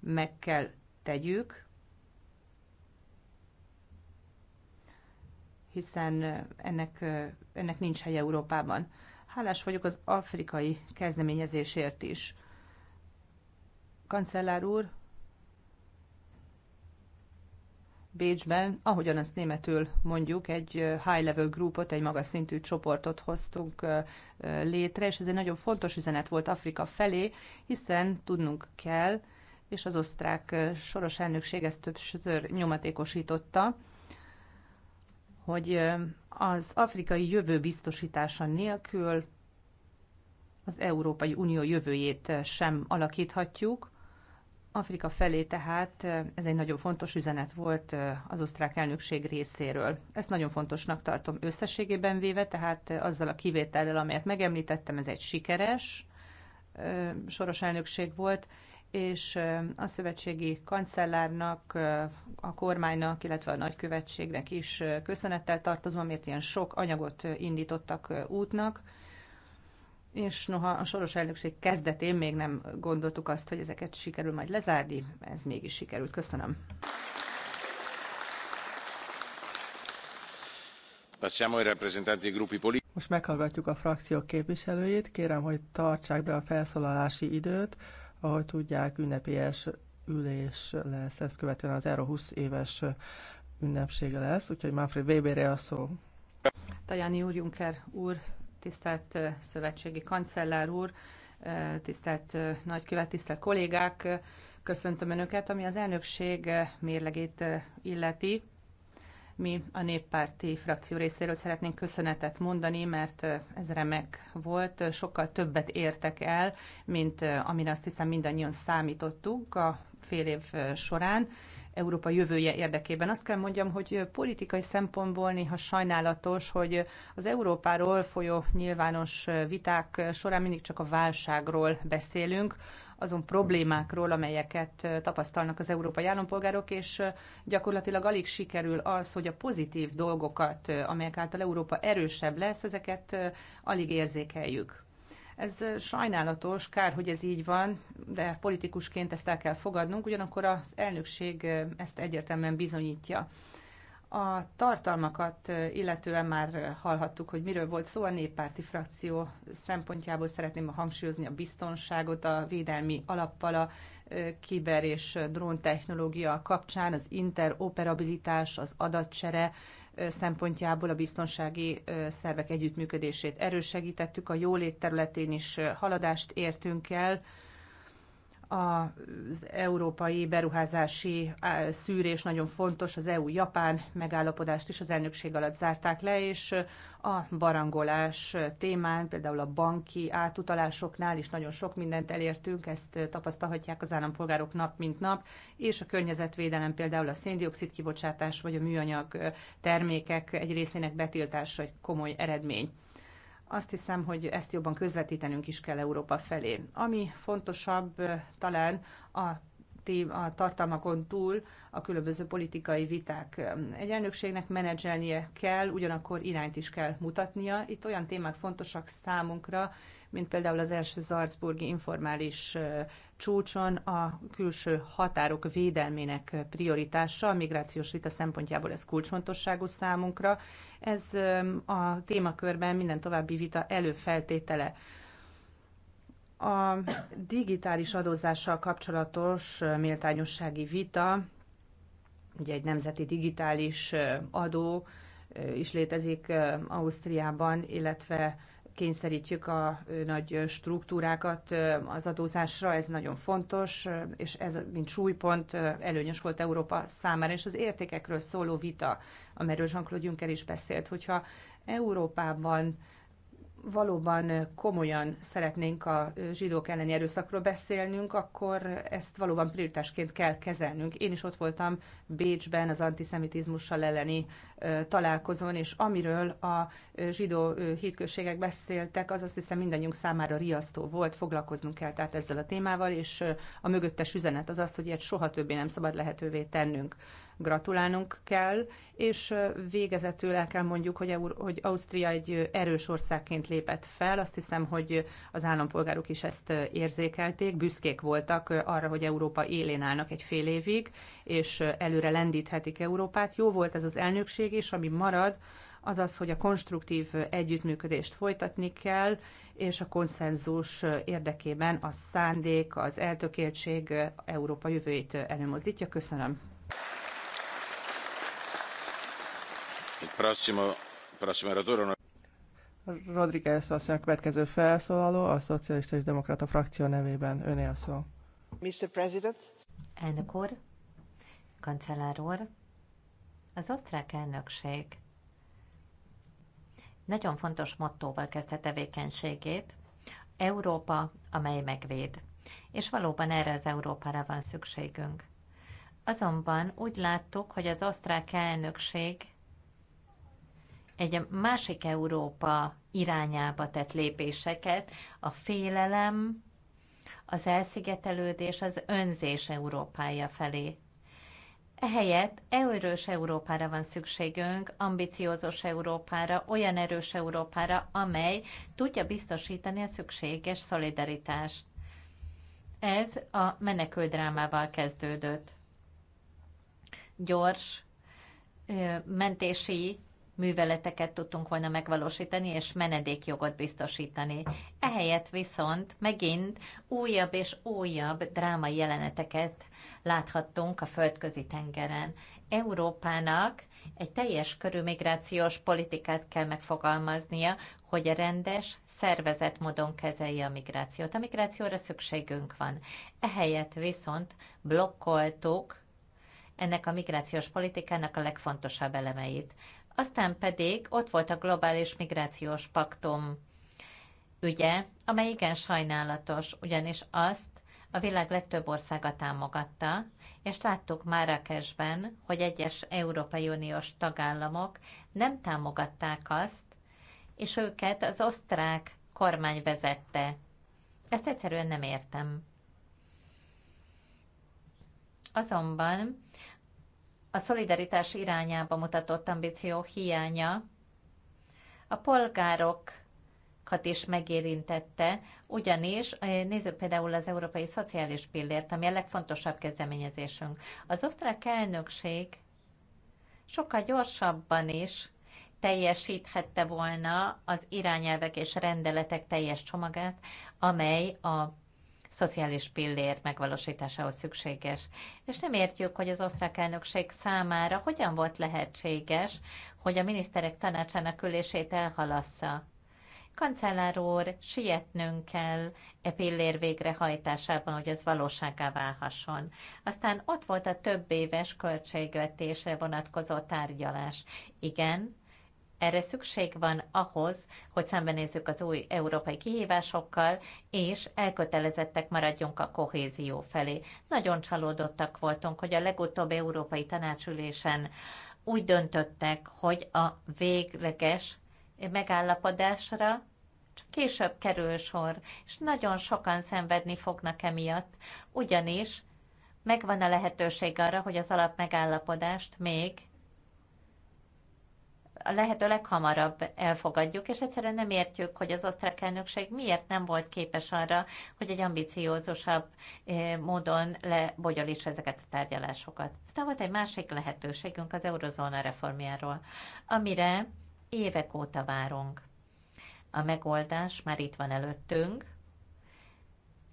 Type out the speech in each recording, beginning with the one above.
meg kell tegyük, hiszen ennek, ennek nincs helye Európában. Hálás vagyok az afrikai kezdeményezésért is. Kancellár úr, Bécsben, ahogyan azt németül mondjuk, egy high-level groupot, egy magas szintű csoportot hoztunk létre, és ez egy nagyon fontos üzenet volt Afrika felé, hiszen tudnunk kell, és az osztrák soros elnökség ezt többször nyomatékosította, hogy az afrikai jövő biztosítása nélkül az Európai Unió jövőjét sem alakíthatjuk. Afrika felé tehát ez egy nagyon fontos üzenet volt az osztrák elnökség részéről. Ezt nagyon fontosnak tartom összességében véve, tehát azzal a kivétellel, amelyet megemlítettem, ez egy sikeres soros elnökség volt, és a szövetségi kancellárnak, a kormánynak, illetve a nagykövetségnek is köszönettel tartozom, mert ilyen sok anyagot indítottak útnak, és noha a soros elnökség kezdetén még nem gondoltuk azt, hogy ezeket sikerül majd lezárni, ez mégis sikerült. Köszönöm. Most meghallgatjuk a frakciók képviselőjét. Kérem, hogy tartsák be a felszólalási időt. Ahogy tudják, ünnepélyes ülés lesz, ezt követően az Euró 20 éves ünnepsége lesz, úgyhogy Manfred Weberre a szó. Tajani úr, Juncker úr, tisztelt szövetségi kancellár úr, tisztelt nagykövet, tisztelt kollégák, köszöntöm Önöket, ami az elnökség mérlegét illeti. Mi a néppárti frakció részéről szeretnénk köszönetet mondani, mert ez remek volt. Sokkal többet értek el, mint amire azt hiszem mindannyian számítottuk a fél év során. Európa jövője érdekében. Azt kell mondjam, hogy politikai szempontból néha sajnálatos, hogy az Európáról folyó nyilvános viták során mindig csak a válságról beszélünk, azon problémákról, amelyeket tapasztalnak az európai állampolgárok, és gyakorlatilag alig sikerül az, hogy a pozitív dolgokat, amelyek által Európa erősebb lesz, ezeket alig érzékeljük. Ez sajnálatos, kár, hogy ez így van, de politikusként ezt el kell fogadnunk, ugyanakkor az elnökség ezt egyértelműen bizonyítja. A tartalmakat illetően már hallhattuk, hogy miről volt szó a néppárti frakció szempontjából. Szeretném hangsúlyozni a biztonságot a védelmi alappal, a kiber és drón technológia kapcsán, az interoperabilitás, az adatcsere szempontjából a biztonsági szervek együttműködését erősítettük, a jólét területén is haladást értünk el, az európai beruházási szűrés nagyon fontos, az EU-Japán megállapodást is az elnökség alatt zárták le, és a barangolás témán, például a banki átutalásoknál is nagyon sok mindent elértünk, ezt tapasztalhatják az állampolgárok nap mint nap, és a környezetvédelem például a széndiokszid kibocsátás vagy a műanyag termékek egy részének betiltása egy komoly eredmény. Azt hiszem, hogy ezt jobban közvetítenünk is kell Európa felé. Ami fontosabb talán a a tartalmakon túl a különböző politikai viták. Egy elnökségnek menedzselnie kell, ugyanakkor irányt is kell mutatnia. Itt olyan témák fontosak számunkra, mint például az első Zarcburgi informális csúcson a külső határok védelmének prioritása. A migrációs vita szempontjából ez kulcsfontosságú számunkra. Ez a témakörben minden további vita előfeltétele. A digitális adózással kapcsolatos méltányossági vita, ugye egy nemzeti digitális adó is létezik Ausztriában, illetve kényszerítjük a nagy struktúrákat az adózásra, ez nagyon fontos, és ez, mint súlypont, előnyös volt Európa számára, és az értékekről szóló vita, amiről Jean-Claude Juncker is beszélt, hogyha Európában valóban komolyan szeretnénk a zsidók elleni erőszakról beszélnünk, akkor ezt valóban prioritásként kell kezelnünk. Én is ott voltam Bécsben az antiszemitizmussal elleni találkozón, és amiről a zsidó hitközségek beszéltek, az azt hiszem mindannyiunk számára riasztó volt, foglalkoznunk kell tehát ezzel a témával, és a mögöttes üzenet az az, hogy ilyet soha többé nem szabad lehetővé tennünk gratulálnunk kell, és végezetül el kell mondjuk, hogy, hogy Ausztria egy erős országként lépett fel. Azt hiszem, hogy az állampolgárok is ezt érzékelték, büszkék voltak arra, hogy Európa élén állnak egy fél évig, és előre lendíthetik Európát. Jó volt ez az elnökség is, ami marad, az az, hogy a konstruktív együttműködést folytatni kell, és a konszenzus érdekében a szándék, az eltökéltség Európa jövőjét előmozdítja. Köszönöm. Rodriguez asszony a következő felszólaló a Szocialista és Demokrata frakció nevében. Öné a szó. Mr. President. Elnök úr, kancellár úr, az osztrák elnökség nagyon fontos mottóval kezdte tevékenységét, Európa, amely megvéd. És valóban erre az Európára van szükségünk. Azonban úgy láttuk, hogy az osztrák elnökség egy másik Európa irányába tett lépéseket, a félelem, az elszigetelődés, az önzés Európája felé. Ehelyett erős Európára van szükségünk, ambiciózus Európára, olyan erős Európára, amely tudja biztosítani a szükséges szolidaritást. Ez a meneküldrámával kezdődött. Gyors mentési műveleteket tudtunk volna megvalósítani, és menedékjogot biztosítani. Ehelyett viszont megint újabb és újabb drámai jeleneteket láthattunk a földközi tengeren. Európának egy teljes körű migrációs politikát kell megfogalmaznia, hogy a rendes, szervezett módon kezelje a migrációt. A migrációra szükségünk van. Ehelyett viszont blokkoltuk ennek a migrációs politikának a legfontosabb elemeit. Aztán pedig ott volt a globális migrációs paktum ügye, amely igen sajnálatos, ugyanis azt a világ legtöbb országa támogatta, és láttuk Marrakesben, hogy egyes Európai Uniós tagállamok nem támogatták azt, és őket az osztrák kormány vezette. Ezt egyszerűen nem értem. Azonban a szolidaritás irányába mutatott ambíció hiánya a polgárokat is megérintette, ugyanis nézzük például az Európai Szociális Pillért, ami a legfontosabb kezdeményezésünk. Az osztrák elnökség sokkal gyorsabban is teljesíthette volna az irányelvek és rendeletek teljes csomagát, amely a szociális pillér megvalósításához szükséges. És nem értjük, hogy az osztrák elnökség számára hogyan volt lehetséges, hogy a miniszterek tanácsának ülését elhalassza. Kancellár úr, sietnünk kell e pillér végrehajtásában, hogy ez valóságá válhasson. Aztán ott volt a több éves költségvetésre vonatkozó tárgyalás. Igen, erre szükség van ahhoz, hogy szembenézzük az új európai kihívásokkal, és elkötelezettek maradjunk a kohézió felé. Nagyon csalódottak voltunk, hogy a legutóbbi európai tanácsülésen úgy döntöttek, hogy a végleges megállapodásra csak később kerül sor, és nagyon sokan szenvedni fognak emiatt, ugyanis megvan a lehetőség arra, hogy az alapmegállapodást még a lehető leghamarabb elfogadjuk, és egyszerűen nem értjük, hogy az osztrák elnökség miért nem volt képes arra, hogy egy ambiciózusabb eh, módon lebogyolítsa ezeket a tárgyalásokat. Aztán volt egy másik lehetőségünk az eurozóna reformjáról, amire évek óta várunk. A megoldás már itt van előttünk,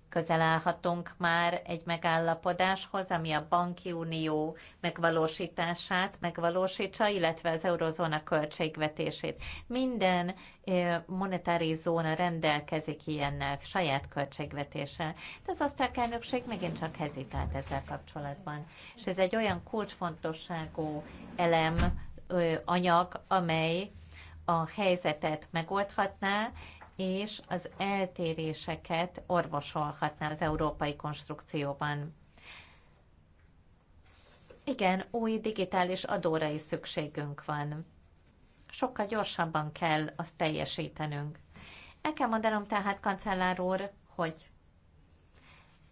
közel állhatunk már egy megállapodáshoz, ami a banki unió megvalósítását megvalósítsa, illetve az eurozóna költségvetését. Minden monetári zóna rendelkezik ilyennel, saját költségvetéssel. De az osztrák elnökség megint csak hezitált ezzel kapcsolatban. És ez egy olyan kulcsfontosságú elem, anyag, amely a helyzetet megoldhatná, és az eltéréseket orvosolhatná az európai konstrukcióban. Igen, új digitális adóra is szükségünk van. Sokkal gyorsabban kell azt teljesítenünk. El kell mondanom tehát, kancellár úr, hogy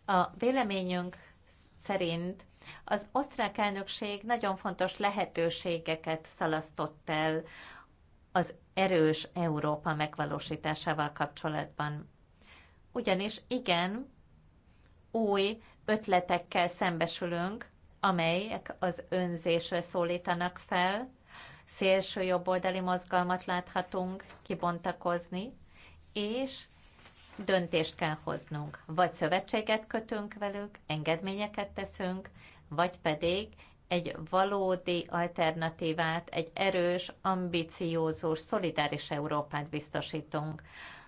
a véleményünk szerint az osztrák elnökség nagyon fontos lehetőségeket szalasztott el az erős Európa megvalósításával kapcsolatban. Ugyanis igen, új ötletekkel szembesülünk, amelyek az önzésre szólítanak fel, szélső jobboldali mozgalmat láthatunk kibontakozni, és döntést kell hoznunk. Vagy szövetséget kötünk velük, engedményeket teszünk, vagy pedig egy valódi alternatívát, egy erős, ambiciózus, szolidáris Európát biztosítunk.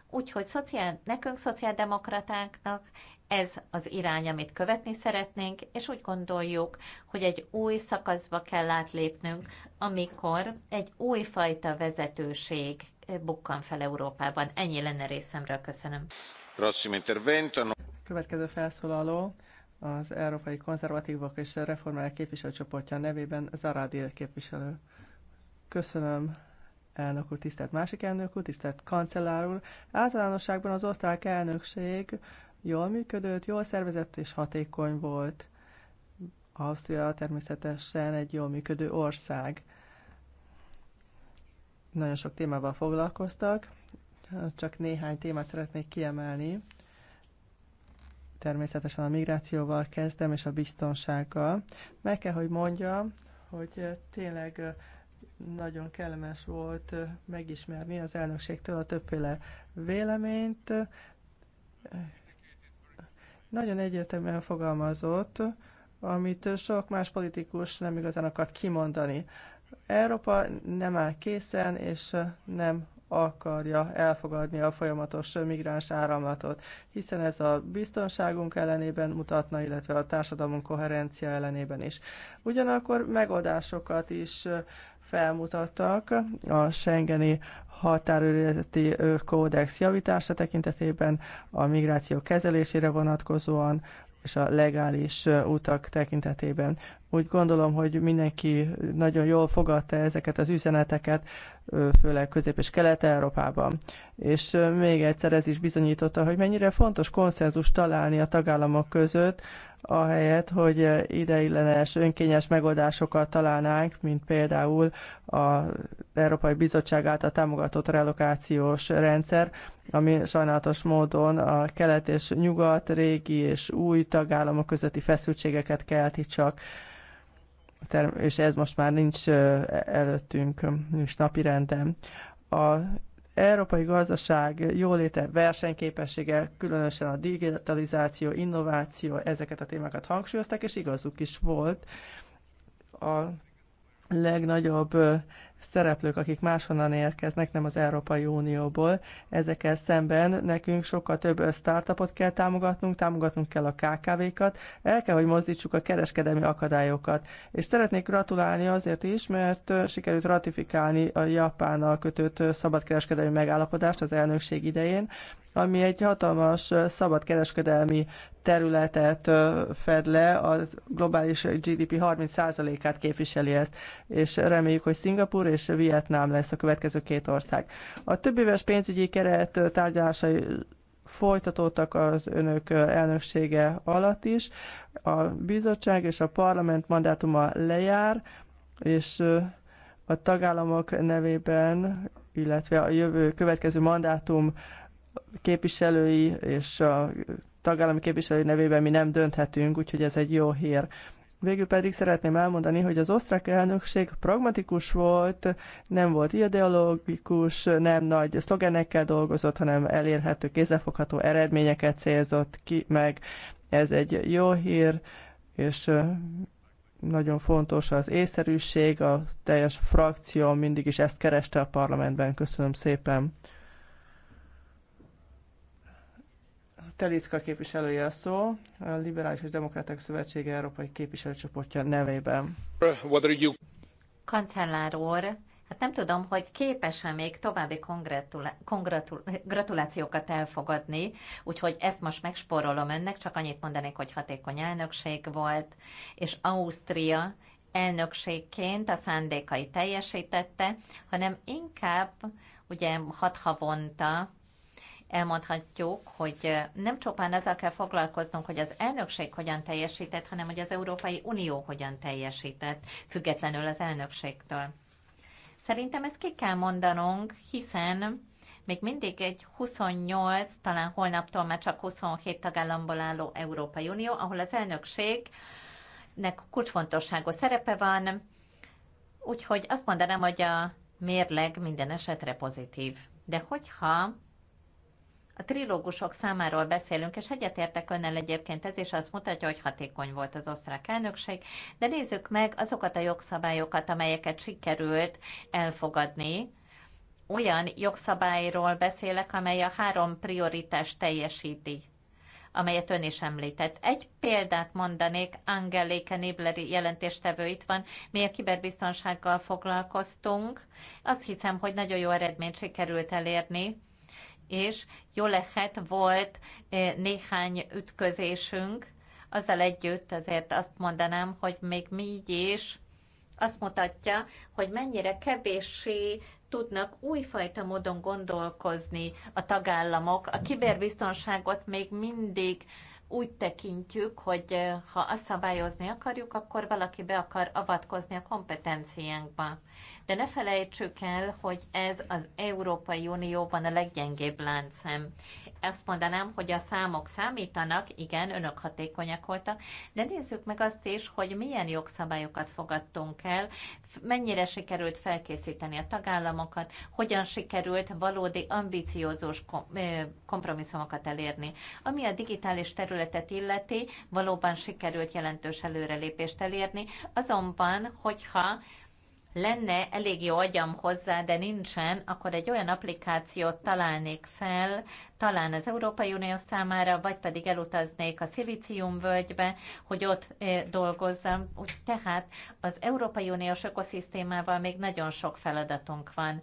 Úgyhogy szociál, nekünk szociáldemokratáknak ez az irány, amit követni szeretnénk, és úgy gondoljuk, hogy egy új szakaszba kell átlépnünk, amikor egy újfajta vezetőség bukkan fel Európában. Ennyi lenne részemről, köszönöm. Következő felszólaló az Európai Konzervatívok és Reformálják képviselőcsoportja nevében Zarádi képviselő. Köszönöm, elnök úr, tisztelt másik elnök úr, tisztelt kancellár úr. Általánosságban az osztrák elnökség jól működött, jól szervezett és hatékony volt. Ausztria természetesen egy jól működő ország. Nagyon sok témával foglalkoztak, csak néhány témát szeretnék kiemelni természetesen a migrációval kezdem, és a biztonsággal. Meg kell, hogy mondjam, hogy tényleg nagyon kellemes volt megismerni az elnökségtől a többféle véleményt. Nagyon egyértelműen fogalmazott, amit sok más politikus nem igazán akart kimondani. Európa nem áll készen, és nem akarja elfogadni a folyamatos migráns áramlatot, hiszen ez a biztonságunk ellenében mutatna, illetve a társadalmunk koherencia ellenében is. Ugyanakkor megoldásokat is felmutattak a Schengeni határőrizeti kódex javítása tekintetében, a migráció kezelésére vonatkozóan, és a legális utak tekintetében. Úgy gondolom, hogy mindenki nagyon jól fogadta ezeket az üzeneteket, főleg Közép- és Kelet-Európában. És még egyszer ez is bizonyította, hogy mennyire fontos konszenzus találni a tagállamok között, ahelyett, hogy ideillenes önkényes megoldásokat találnánk, mint például az Európai Bizottság által támogatott relokációs rendszer, ami sajnálatos módon a kelet és nyugat, régi és új tagállamok közötti feszültségeket kelti csak, és ez most már nincs előttünk, nincs napi rendem. A európai gazdaság jóléte, versenyképessége, különösen a digitalizáció, innováció, ezeket a témákat hangsúlyozták, és igazuk is volt. A legnagyobb szereplők, akik máshonnan érkeznek, nem az Európai Unióból. Ezekkel szemben nekünk sokkal több startupot kell támogatnunk, támogatnunk kell a KKV-kat, el kell, hogy mozdítsuk a kereskedelmi akadályokat. És szeretnék gratulálni azért is, mert sikerült ratifikálni a Japánnal kötött szabadkereskedelmi megállapodást az elnökség idején, ami egy hatalmas szabadkereskedelmi területet fed le, az globális GDP 30%-át képviseli ezt, és reméljük, hogy Szingapur és Vietnám lesz a következő két ország. A több éves pénzügyi keret tárgyalásai folytatódtak az önök elnöksége alatt is. A bizottság és a parlament mandátuma lejár, és a tagállamok nevében, illetve a jövő következő mandátum képviselői és a tagállami képviselő nevében mi nem dönthetünk, úgyhogy ez egy jó hír. Végül pedig szeretném elmondani, hogy az osztrák elnökség pragmatikus volt, nem volt ideológikus, nem nagy szlogenekkel dolgozott, hanem elérhető, kézzelfogható eredményeket célzott ki meg. Ez egy jó hír, és nagyon fontos az észszerűség, a teljes frakció mindig is ezt kereste a parlamentben. Köszönöm szépen. Telicka képviselője a szó, a Liberális és Demokraták Szövetsége Európai Képviselőcsoportja nevében. Kancellár úr, hát nem tudom, hogy képes-e még további gratulációkat kongratul elfogadni, úgyhogy ezt most megsporolom önnek, csak annyit mondanék, hogy hatékony elnökség volt, és Ausztria elnökségként a szándékai teljesítette, hanem inkább ugye hat havonta elmondhatjuk, hogy nem csupán ezzel kell foglalkoznunk, hogy az elnökség hogyan teljesített, hanem hogy az Európai Unió hogyan teljesített, függetlenül az elnökségtől. Szerintem ezt ki kell mondanunk, hiszen még mindig egy 28, talán holnaptól már csak 27 tagállamból álló Európai Unió, ahol az elnökségnek kulcsfontosságú szerepe van, úgyhogy azt mondanám, hogy a mérleg minden esetre pozitív. De hogyha a trilógusok számáról beszélünk, és egyetértek önnel egyébként ez is azt mutatja, hogy hatékony volt az osztrák elnökség, de nézzük meg azokat a jogszabályokat, amelyeket sikerült elfogadni, olyan jogszabályról beszélek, amely a három prioritást teljesíti amelyet ön is említett. Egy példát mondanék, Angeléke Nibleri jelentéstevő itt van, mi a kiberbiztonsággal foglalkoztunk. Azt hiszem, hogy nagyon jó eredményt sikerült elérni és jó lehet volt eh, néhány ütközésünk, azzal együtt azért azt mondanám, hogy még mi így is azt mutatja, hogy mennyire kevéssé tudnak újfajta módon gondolkozni a tagállamok. A kiberbiztonságot még mindig úgy tekintjük, hogy eh, ha azt szabályozni akarjuk, akkor valaki be akar avatkozni a kompetenciánkba. De ne felejtsük el, hogy ez az Európai Unióban a leggyengébb láncem azt mondanám, hogy a számok számítanak, igen, önök hatékonyak voltak, de nézzük meg azt is, hogy milyen jogszabályokat fogadtunk el, mennyire sikerült felkészíteni a tagállamokat, hogyan sikerült valódi ambiciózós kompromisszumokat elérni. Ami a digitális területet illeti, valóban sikerült jelentős előrelépést elérni, azonban, hogyha lenne, elég jó agyam hozzá, de nincsen, akkor egy olyan applikációt találnék fel, talán az Európai Unió számára, vagy pedig elutaznék a Szilícium völgybe, hogy ott eh, dolgozzam. Úgy, tehát az Európai Uniós ökoszisztémával még nagyon sok feladatunk van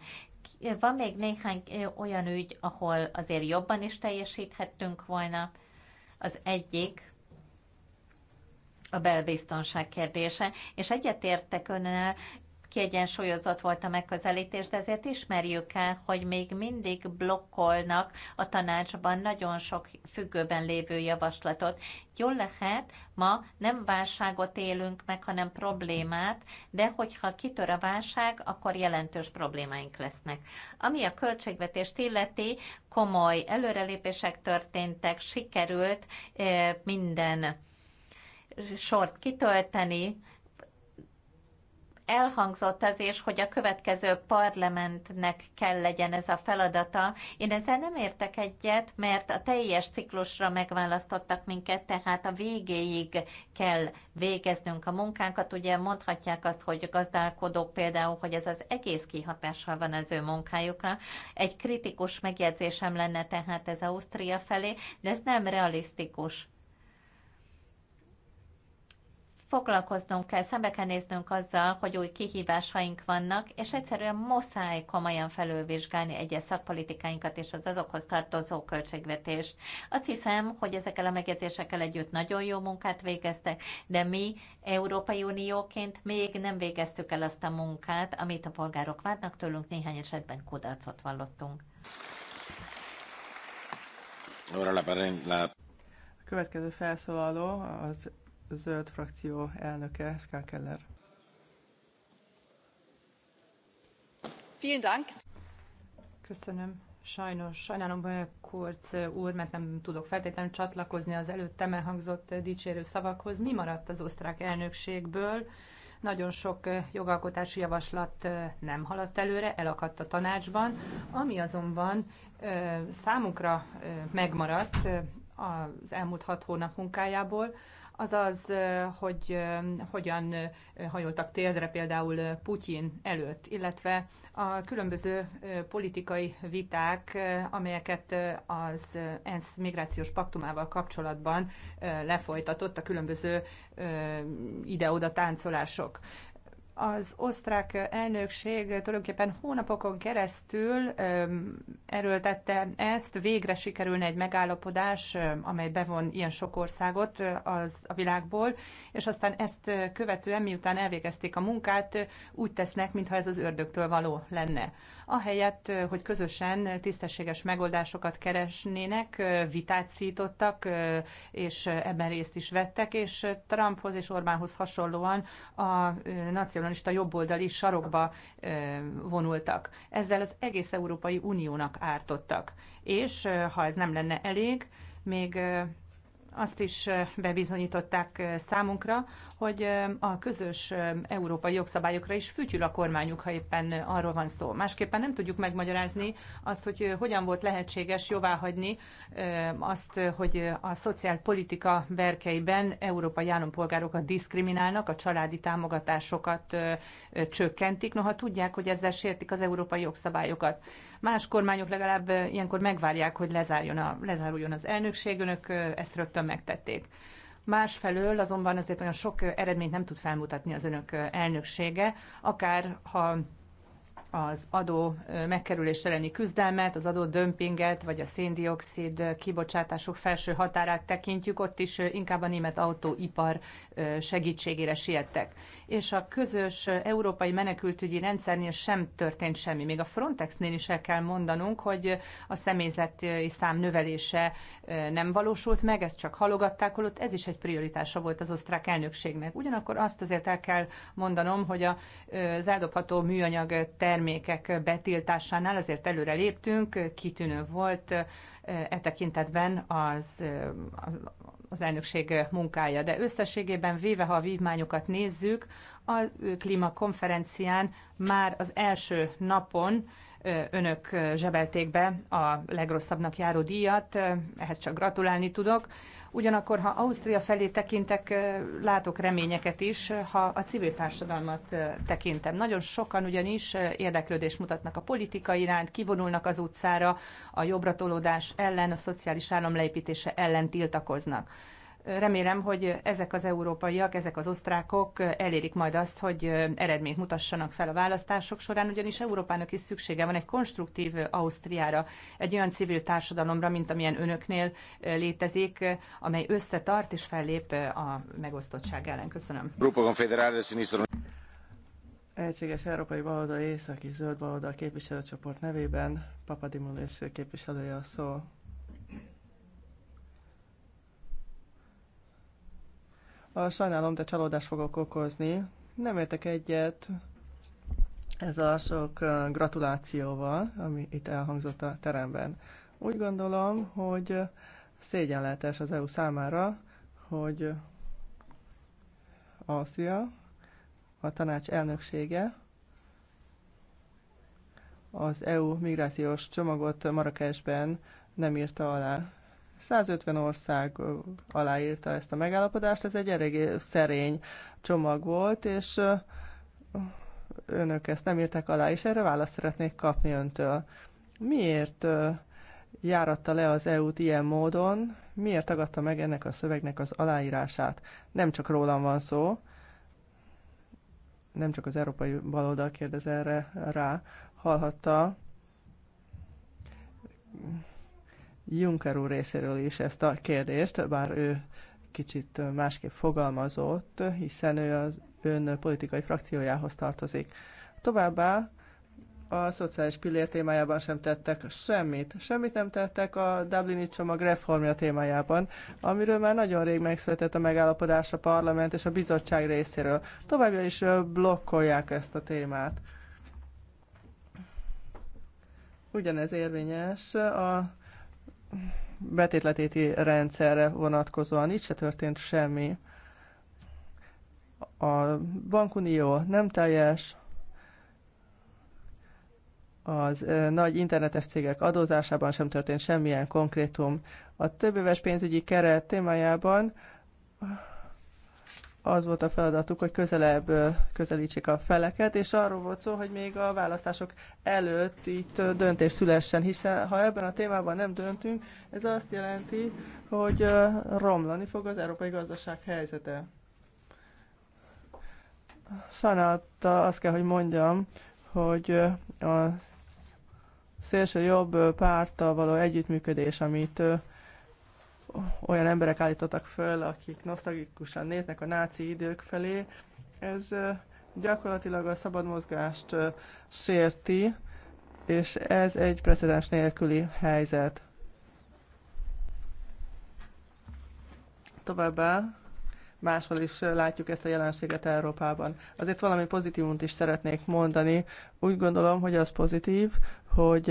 van még néhány eh, olyan ügy, ahol azért jobban is teljesíthettünk volna. Az egyik a belbiztonság kérdése, és egyetértek önnel, kiegyensúlyozott volt a megközelítés, de ezért ismerjük el, hogy még mindig blokkolnak a tanácsban nagyon sok függőben lévő javaslatot. Jól lehet, ma nem válságot élünk meg, hanem problémát, de hogyha kitör a válság, akkor jelentős problémáink lesznek. Ami a költségvetést illeti, komoly előrelépések történtek, sikerült eh, minden sort kitölteni, elhangzott az is, hogy a következő parlamentnek kell legyen ez a feladata. Én ezzel nem értek egyet, mert a teljes ciklusra megválasztottak minket, tehát a végéig kell végeznünk a munkánkat. Ugye mondhatják azt, hogy gazdálkodók például, hogy ez az egész kihatással van az ő munkájukra. Egy kritikus megjegyzésem lenne tehát ez Ausztria felé, de ez nem realisztikus foglalkoznunk kell, szembe kell néznünk azzal, hogy új kihívásaink vannak, és egyszerűen muszáj komolyan felülvizsgálni egyes szakpolitikáinkat és az azokhoz tartozó költségvetést. Azt hiszem, hogy ezekkel a megjegyzésekkel együtt nagyon jó munkát végeztek, de mi Európai Unióként még nem végeztük el azt a munkát, amit a polgárok várnak tőlünk, néhány esetben kudarcot vallottunk. A következő felszólaló az zöld frakció elnöke, Ska Keller. Köszönöm. Sajnos, sajnálom Kurz úr, mert nem tudok feltétlenül csatlakozni az előttem elhangzott dicsérő szavakhoz. Mi maradt az osztrák elnökségből? Nagyon sok jogalkotási javaslat nem haladt előre, elakadt a tanácsban, ami azonban számukra megmaradt az elmúlt hat hónap munkájából, azaz, hogy hogyan hajoltak térdre például Putyin előtt, illetve a különböző politikai viták, amelyeket az ENSZ migrációs paktumával kapcsolatban lefolytatott a különböző ide-oda táncolások. Az osztrák elnökség tulajdonképpen hónapokon keresztül erőltette ezt, végre sikerülne egy megállapodás, amely bevon ilyen sok országot az, a világból, és aztán ezt követően, miután elvégezték a munkát, úgy tesznek, mintha ez az ördögtől való lenne ahelyett, hogy közösen tisztességes megoldásokat keresnének, vitát szítottak, és ebben részt is vettek, és Trumphoz és Orbánhoz hasonlóan a nacionalista jobboldali sarokba vonultak. Ezzel az egész Európai Uniónak ártottak. És ha ez nem lenne elég, még azt is bebizonyították számunkra, hogy a közös európai jogszabályokra is fütyül a kormányuk, ha éppen arról van szó. Másképpen nem tudjuk megmagyarázni azt, hogy hogyan volt lehetséges jóváhagyni azt, hogy a szociálpolitika berkeiben európai állampolgárokat diszkriminálnak, a családi támogatásokat csökkentik, noha tudják, hogy ezzel sértik az európai jogszabályokat. Más kormányok legalább ilyenkor megvárják, hogy lezárjon a, lezáruljon az elnökség, önök ezt rögtön megtették. Másfelől azonban azért olyan sok eredményt nem tud felmutatni az önök elnöksége, akár ha az adó megkerülés elleni küzdelmet, az adó dömpinget, vagy a széndiokszid kibocsátások felső határát tekintjük, ott is inkább a német autóipar segítségére siettek. És a közös európai menekültügyi rendszernél sem történt semmi. Még a Frontexnél is el kell mondanunk, hogy a személyzeti szám növelése nem valósult meg, ezt csak halogatták, holott ez is egy prioritása volt az osztrák elnökségnek. Ugyanakkor azt azért el kell mondanom, hogy az eldobható műanyag termék termékek betiltásánál azért előre léptünk, kitűnő volt e tekintetben az, az elnökség munkája. De összességében véve, ha a vívmányokat nézzük, a klímakonferencián már az első napon önök zsebelték be a legrosszabbnak járó díjat, ehhez csak gratulálni tudok. Ugyanakkor, ha Ausztria felé tekintek, látok reményeket is, ha a civil társadalmat tekintem. Nagyon sokan ugyanis érdeklődést mutatnak a politika iránt, kivonulnak az utcára, a jobbratolódás ellen, a szociális állam leépítése ellen tiltakoznak. Remélem, hogy ezek az európaiak, ezek az osztrákok elérik majd azt, hogy eredményt mutassanak fel a választások során, ugyanis Európának is szüksége van egy konstruktív Ausztriára, egy olyan civil társadalomra, mint amilyen önöknél létezik, amely összetart és fellép a megosztottság ellen. Köszönöm. Egységes Európai Baloldal Északi Zöld Baloldal képviselőcsoport nevében Papadimulés képviselője a szó. A sajnálom, de csalódást fogok okozni. Nem értek egyet ez a sok gratulációval, ami itt elhangzott a teremben. Úgy gondolom, hogy szégyenletes az EU számára, hogy Ausztria, a tanács elnöksége az EU migrációs csomagot Marrakesben nem írta alá. 150 ország aláírta ezt a megállapodást, ez egy eléggé szerény csomag volt, és önök ezt nem írták alá, és erre választ szeretnék kapni öntől. Miért járatta le az EU-t ilyen módon, miért tagadta meg ennek a szövegnek az aláírását? Nem csak rólam van szó, nem csak az európai baloldal kérdez erre rá, hallhatta Juncker úr részéről is ezt a kérdést, bár ő kicsit másképp fogalmazott, hiszen ő az ön politikai frakciójához tartozik. Továbbá a szociális pillér témájában sem tettek semmit. Semmit nem tettek a Dublini csomag reformja témájában, amiről már nagyon rég megszületett a megállapodás a parlament és a bizottság részéről. Továbbá is blokkolják ezt a témát. Ugyanez érvényes a betétletéti rendszerre vonatkozóan itt se történt semmi. A bankunió nem teljes, az nagy internetes cégek adózásában sem történt semmilyen konkrétum. A többéves pénzügyi keret témájában az volt a feladatuk, hogy közelebb közelítsék a feleket, és arról volt szó, hogy még a választások előtt itt döntés szülessen, hiszen ha ebben a témában nem döntünk, ez azt jelenti, hogy romlani fog az európai gazdaság helyzete. Sajnálta azt kell, hogy mondjam, hogy a szélső jobb párttal való együttműködés, amit olyan emberek állítottak föl, akik nosztalgikusan néznek a náci idők felé. Ez gyakorlatilag a szabad mozgást sérti, és ez egy precedens nélküli helyzet. Továbbá máshol is látjuk ezt a jelenséget Európában. Azért valami pozitívumot is szeretnék mondani. Úgy gondolom, hogy az pozitív, hogy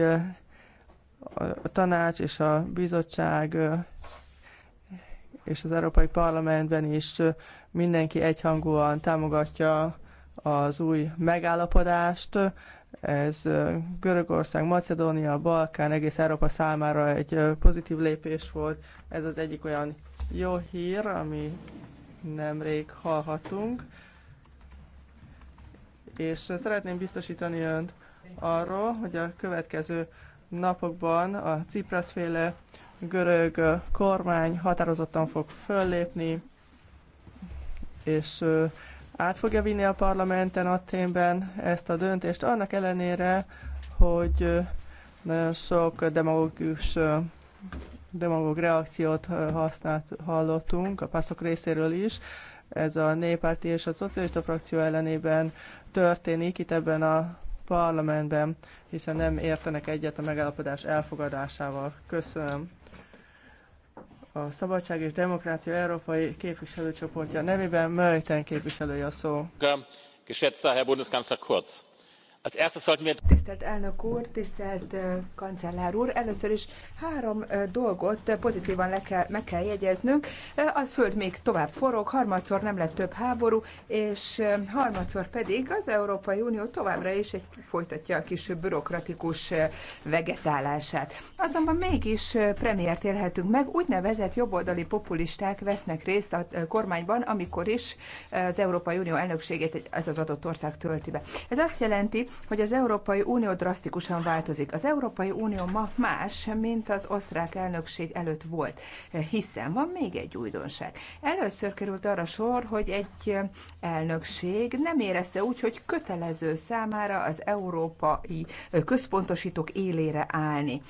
a tanács és a bizottság és az Európai Parlamentben is mindenki egyhangúan támogatja az új megállapodást. Ez Görögország, Macedónia, Balkán, egész Európa számára egy pozitív lépés volt. Ez az egyik olyan jó hír, ami nemrég hallhatunk. És szeretném biztosítani önt arról, hogy a következő napokban a Cipras féle görög kormány határozottan fog föllépni, és át fogja vinni a parlamenten témben ezt a döntést, annak ellenére, hogy nagyon sok demagógus demagóg reakciót használt, hallottunk a pászok részéről is. Ez a néppárti és a szocialista frakció ellenében történik itt ebben a parlamentben, hiszen nem értenek egyet a megállapodás elfogadásával. Köszönöm a Szabadság és Demokrácia Európai Képviselőcsoportja nevében Mölten képviselője a szó. geschätzter herr bundeskanzler kurz! Tisztelt elnök úr, tisztelt kancellár úr, először is három dolgot pozitívan le kell, meg kell jegyeznünk. A föld még tovább forog, harmadszor nem lett több háború, és harmadszor pedig az Európai Unió továbbra is egy, folytatja a kis bürokratikus vegetálását. Azonban mégis premiért élhetünk meg, úgynevezett jobboldali populisták vesznek részt a kormányban, amikor is az Európai Unió elnökségét ez az adott ország tölti be. Ez azt jelenti, hogy az Európai Unió drasztikusan változik. Az Európai Unió ma más, mint az osztrák elnökség előtt volt, hiszen van még egy újdonság. Először került arra sor, hogy egy elnökség nem érezte úgy, hogy kötelező számára az európai központosítók élére állni.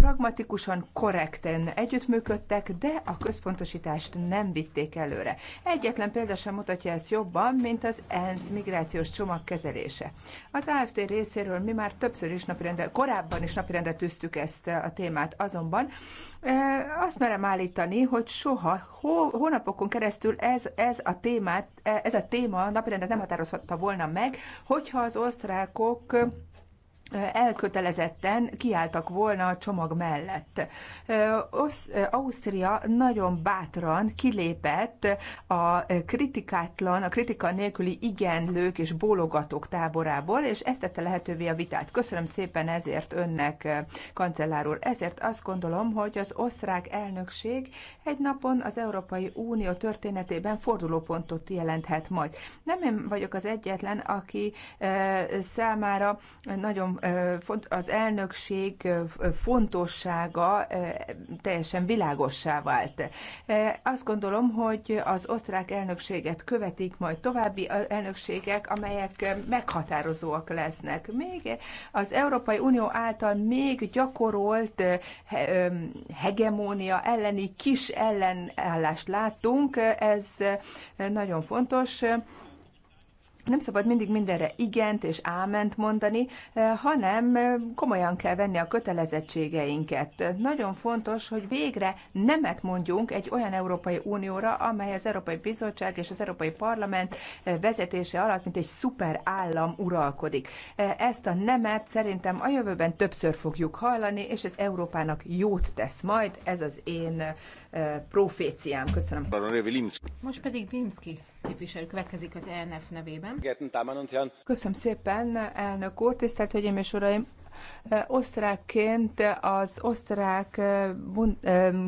Pragmatikusan, korrekten együttműködtek, de a központosítást nem vitték előre. Egyetlen példa sem mutatja ezt jobban, mint az ENSZ migrációs csomag kezelése. Az AFT részéről mi már többször is napirendre, korábban is napirendre tűztük ezt eh, a témát, azonban eh, azt merem állítani, hogy soha, hó, hónapokon keresztül ez, ez a témát, eh, ez a téma napirendre nem határozhatta volna meg, hogyha az osztrákok elkötelezetten kiálltak volna a csomag mellett. Ausztria nagyon bátran kilépett a kritikátlan, a kritika nélküli igenlők és bólogatók táborából, és ezt tette lehetővé a vitát. Köszönöm szépen ezért önnek, kancellár úr. Ezért azt gondolom, hogy az osztrák elnökség egy napon az Európai Unió történetében fordulópontot jelenthet majd. Nem én vagyok az egyetlen, aki számára nagyon az elnökség fontossága teljesen világossá vált. Azt gondolom, hogy az osztrák elnökséget követik majd további elnökségek, amelyek meghatározóak lesznek. Még az Európai Unió által még gyakorolt hegemónia elleni kis ellenállást láttunk, ez nagyon fontos nem szabad mindig mindenre igent és áment mondani, eh, hanem eh, komolyan kell venni a kötelezettségeinket. Nagyon fontos, hogy végre nemet mondjunk egy olyan Európai Unióra, amely az Európai Bizottság és az Európai Parlament eh, vezetése alatt, mint egy szuper állam uralkodik. Ezt a nemet szerintem a jövőben többször fogjuk hallani, és ez Európának jót tesz majd. Ez az én proféciám. Köszönöm. Most pedig Vimski képviselő következik az ELNF nevében. Köszönöm szépen, elnök úr, tisztelt Hölgyeim és Uraim! Osztrákként az osztrák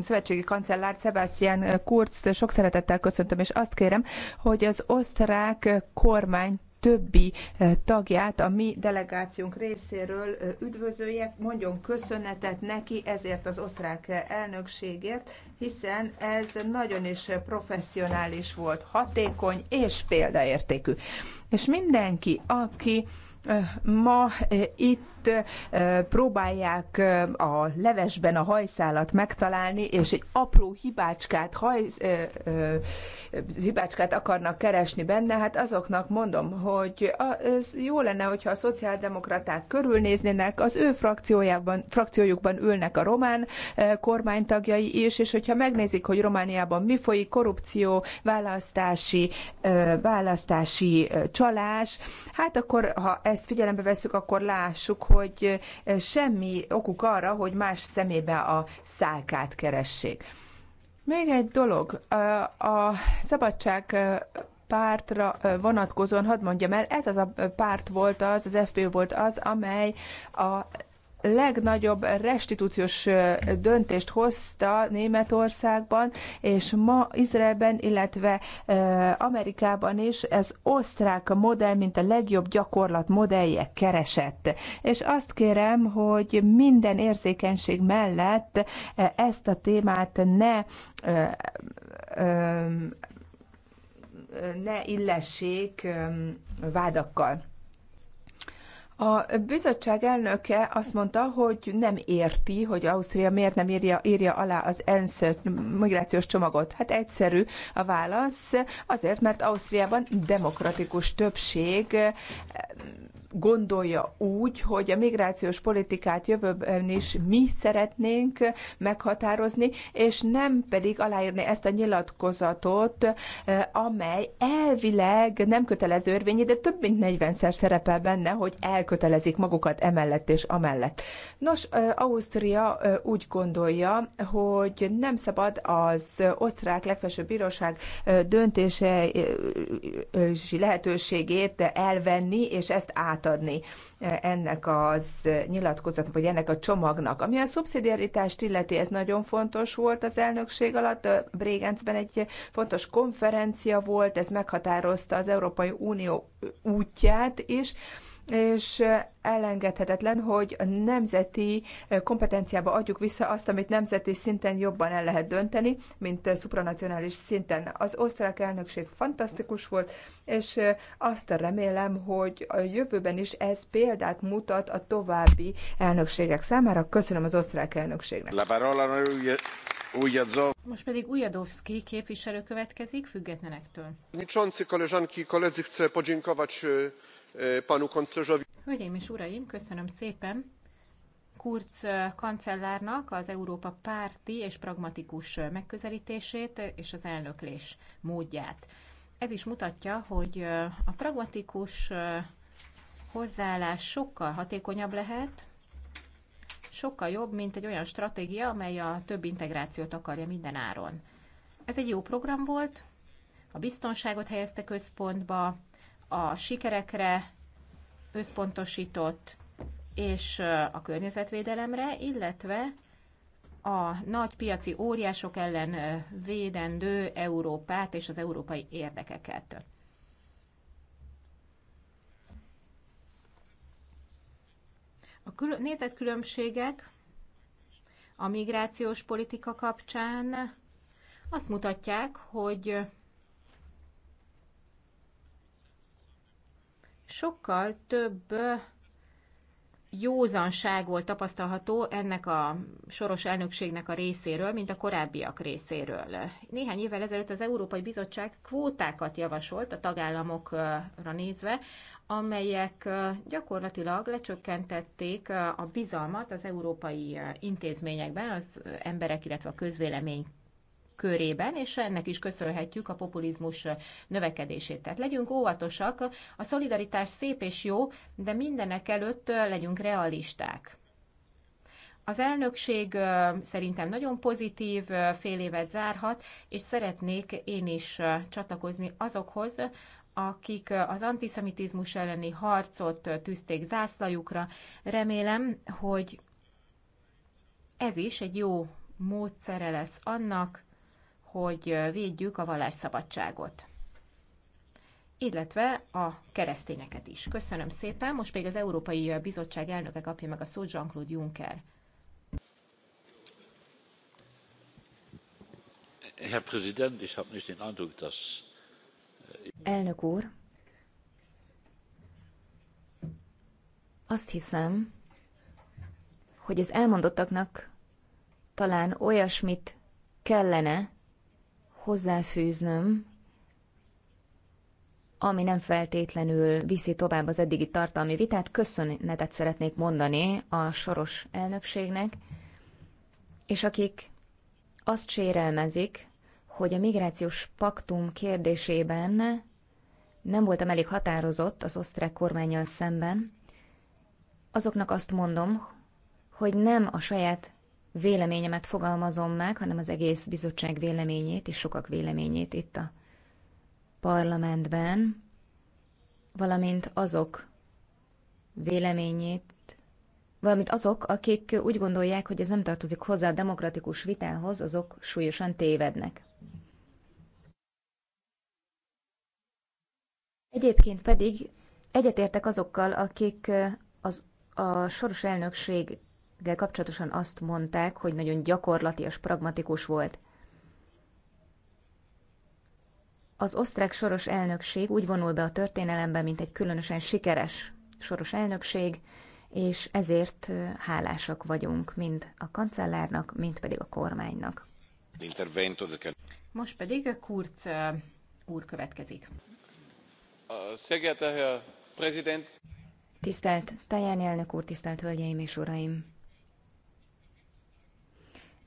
szövetségi kancellár Sebastian Kurz sok szeretettel köszöntöm, és azt kérem, hogy az osztrák kormány többi eh, tagját a mi delegációnk részéről eh, üdvözölje, mondjon köszönetet neki ezért az osztrák eh, elnökségért, hiszen ez nagyon is professzionális volt, hatékony és példaértékű. És mindenki, aki Ma itt próbálják a levesben a hajszálat megtalálni, és egy apró hibácskát, hajsz, hibácskát akarnak keresni benne. Hát azoknak mondom, hogy ez jó lenne, hogyha a szociáldemokraták körülnéznének, az ő frakciójában, frakciójukban ülnek a román kormánytagjai is, és hogyha megnézik, hogy Romániában mi folyik, korrupció, választási, választási csalás, hát akkor ha ezt figyelembe veszük, akkor lássuk, hogy eh, semmi okuk arra, hogy más szemébe a szálkát keressék. Még egy dolog, eh, a szabadság eh, pártra vonatkozóan, hadd mondjam el, ez az a párt volt az, az FPÖ volt az, amely a legnagyobb restitúciós döntést hozta Németországban, és ma Izraelben, illetve Amerikában is ez osztrák modell, mint a legjobb gyakorlat modellje keresett. És azt kérem, hogy minden érzékenység mellett ezt a témát ne ne illessék vádakkal. A bizottság elnöke azt mondta, hogy nem érti, hogy Ausztria miért nem írja, írja alá az ENSZ migrációs csomagot. Hát egyszerű a válasz, azért, mert Ausztriában demokratikus többség gondolja úgy, hogy a migrációs politikát jövőben is mi szeretnénk meghatározni, és nem pedig aláírni ezt a nyilatkozatot, eh, amely elvileg nem kötelező érvényi, de több mint 40-szer szerepel benne, hogy elkötelezik magukat emellett és amellett. Nos, eh, Ausztria eh, úgy gondolja, hogy nem szabad az osztrák legfelsőbb bíróság döntési lehetőségét elvenni, és ezt át átadni eh, ennek az nyilatkozatnak, vagy ennek a csomagnak. Ami a szubszidiaritást illeti, ez nagyon fontos volt az elnökség alatt. Eh, Brégencben egy fontos konferencia volt, ez meghatározta az Európai Unió útját is, és elengedhetetlen, hogy a nemzeti kompetenciába adjuk vissza azt, amit nemzeti szinten jobban el lehet dönteni, mint szupranacionális szinten. Az osztrák elnökség fantasztikus volt, és azt remélem, hogy a jövőben is ez példát mutat a további elnökségek számára. Köszönöm az osztrák elnökségnek. La parola, most pedig Ujadowski képviselő következik, függetlenektől. E, e, Hölgyeim és uraim, köszönöm szépen. Kurz e, kancellárnak az Európa párti és pragmatikus megközelítését és az elnöklés módját. Ez is mutatja, hogy a pragmatikus hozzáállás sokkal hatékonyabb lehet, sokkal jobb, mint egy olyan stratégia, amely a több integrációt akarja minden áron. Ez egy jó program volt, a biztonságot helyezte központba, a sikerekre összpontosított, és a környezetvédelemre, illetve a nagy piaci óriások ellen védendő Európát és az európai érdekeket. különbségek a migrációs politika kapcsán azt mutatják, hogy sokkal több józanság volt tapasztalható ennek a soros elnökségnek a részéről, mint a korábbiak részéről. Néhány évvel ezelőtt az Európai Bizottság kvótákat javasolt a tagállamokra nézve, amelyek gyakorlatilag lecsökkentették a bizalmat az európai intézményekben az emberek, illetve a közvélemény körében, és ennek is köszönhetjük a populizmus növekedését. Tehát legyünk óvatosak, a szolidaritás szép és jó, de mindenek előtt legyünk realisták. Az elnökség szerintem nagyon pozitív, fél évet zárhat, és szeretnék én is csatlakozni azokhoz, akik az antiszemitizmus elleni harcot tűzték zászlajukra. Remélem, hogy ez is egy jó módszere lesz annak, hogy védjük a vallásszabadságot illetve a keresztényeket is. Köszönöm szépen. Most pedig az Európai Bizottság elnöke kapja meg a szót Jean-Claude Juncker. Herr Präsident, ich habe nicht den Eindruck, dass... Äh, Elnök úr, azt hiszem, hogy az elmondottaknak talán olyasmit kellene hozzáfűznöm, ami nem feltétlenül viszi tovább az eddigi tartalmi vitát. Köszönetet szeretnék mondani a soros elnökségnek, és akik azt sérelmezik, hogy a migrációs paktum kérdésében nem voltam elég határozott az osztrák kormányjal szemben, azoknak azt mondom, hogy nem a saját véleményemet fogalmazom meg, hanem az egész bizottság véleményét és sokak véleményét itt a parlamentben, valamint azok véleményét, valamint azok, akik úgy gondolják, hogy ez nem tartozik hozzá a demokratikus vitához, azok súlyosan tévednek. Egyébként pedig egyetértek azokkal, akik az, a soros elnökség kapcsolatosan azt mondták, hogy nagyon gyakorlatias, pragmatikus volt. Az osztrák soros elnökség úgy vonul be a történelembe, mint egy különösen sikeres soros elnökség, és ezért hálásak vagyunk mind a kancellárnak, mind pedig a kormánynak. Most pedig Kurz úr következik. Eh, tisztelt Tajáni elnök úr, tisztelt hölgyeim és uraim!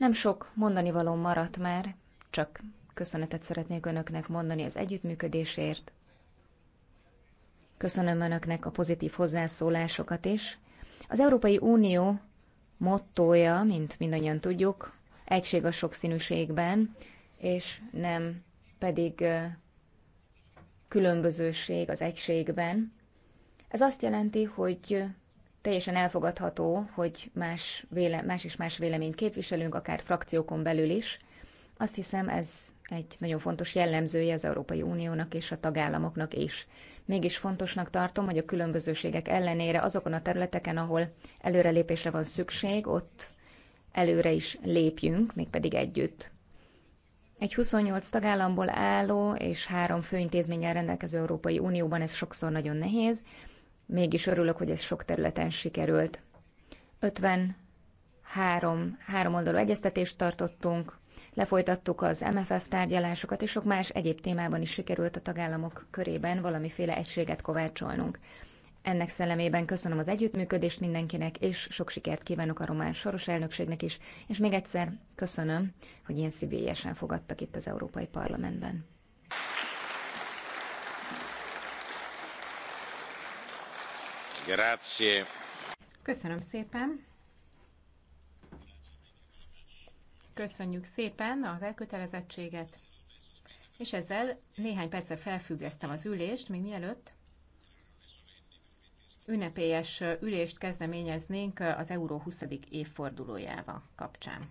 Nem sok mondani való maradt már, csak köszönetet szeretnék önöknek mondani az együttműködésért. Köszönöm önöknek a pozitív hozzászólásokat is. Az Európai Unió mottója, mint mindannyian tudjuk, egység a sokszínűségben, és nem pedig különbözőség az egységben. Ez azt jelenti, hogy teljesen elfogadható, hogy más, véle, más és más véleményt képviselünk, akár frakciókon belül is. Azt hiszem, ez egy nagyon fontos jellemzője az Európai Uniónak és a tagállamoknak is. Mégis fontosnak tartom, hogy a különbözőségek ellenére azokon a területeken, ahol előrelépésre van szükség, ott előre is lépjünk, mégpedig együtt. Egy 28 tagállamból álló és három főintézménnyel rendelkező Európai Unióban ez sokszor nagyon nehéz, Mégis örülök, hogy ez sok területen sikerült. 53 háromoldalú egyeztetést tartottunk, lefolytattuk az MFF tárgyalásokat, és sok más egyéb témában is sikerült a tagállamok körében valamiféle egységet kovácsolnunk. Ennek szellemében köszönöm az együttműködést mindenkinek, és sok sikert kívánok a román soros elnökségnek is, és még egyszer köszönöm, hogy ilyen szívélyesen fogadtak itt az Európai Parlamentben. Köszönöm szépen. Köszönjük szépen az elkötelezettséget. És ezzel néhány percet felfüggesztem az ülést, még mielőtt ünnepélyes ülést kezdeményeznénk az Euró 20. évfordulójával kapcsán.